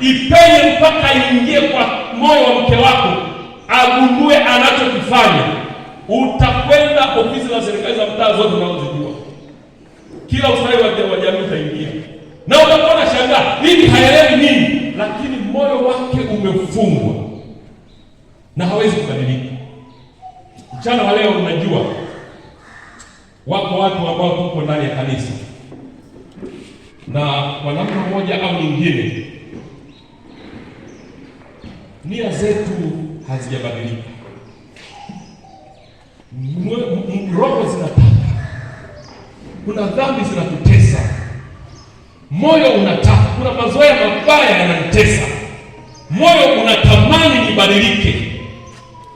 ipenye mpaka iingie kwa moyo wa mke wako, agundue anachokifanya. Utakwenda ofisi za serikali za mtaa zote unazozijua, kila ustawi wa jamii utaingia, na utakuwa unashangaa hivi haelewi nini, lakini moyo wake umefungwa na hawezi kubadilika. Mchana wa leo, unajua wako watu ambao tuko ndani ya kanisa na kwa namna moja au nyingine nia zetu hazijabadilika, roho zinataka, kuna dhambi zinatutesa, moyo unataka, kuna mazoea mabaya yananitesa, moyo unatamani nibadilike,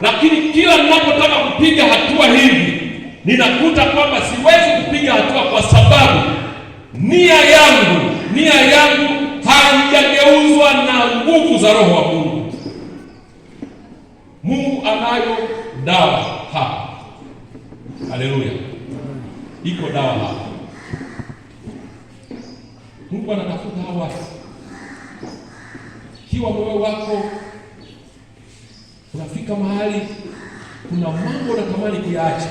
lakini kila ninapotaka kupiga hatua hivi ninakuta kwamba siwezi kupiga hatua kwa sababu nia yangu nia yangu haijageuzwa na nguvu za Roho wa Mungu inayo dawa hapa. Haleluya, iko dawa hapa. Mungu anatafuta hawa watu. Kiwa moyo wako unafika mahali kuna mambo unatamani kuyaacha,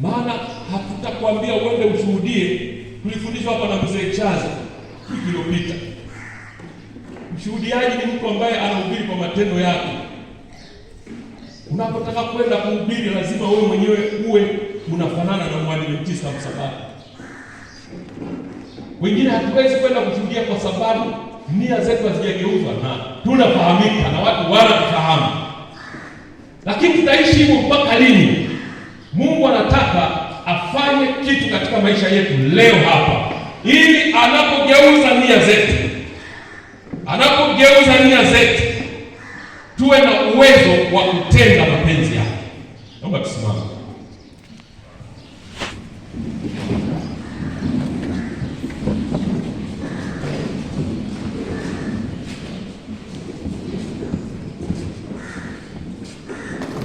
maana hatutakwambia uende ushuhudie. Tulifundishwa hapa na mzee Chaza wiki iliyopita, mshuhudiaji ni mtu ambaye anahubiri kwa matendo yake. Unapotaka kwenda kuhubiri, lazima wewe mwenyewe uwe unafanana na mwadventista wa Sabato. Wengine hatuwezi kwenda kushuhudia kwa sababu nia zetu hazijageuzwa na tunafahamika na watu wanatufahamu, lakini tutaishi hivyo mpaka lini? Mungu anataka afanye kitu katika maisha yetu leo hapa, ili anapogeuza nia zetu, anapogeuza nia zetu tuwe na uwezo wa kutenda mapenzi yake. Naomba tusimame.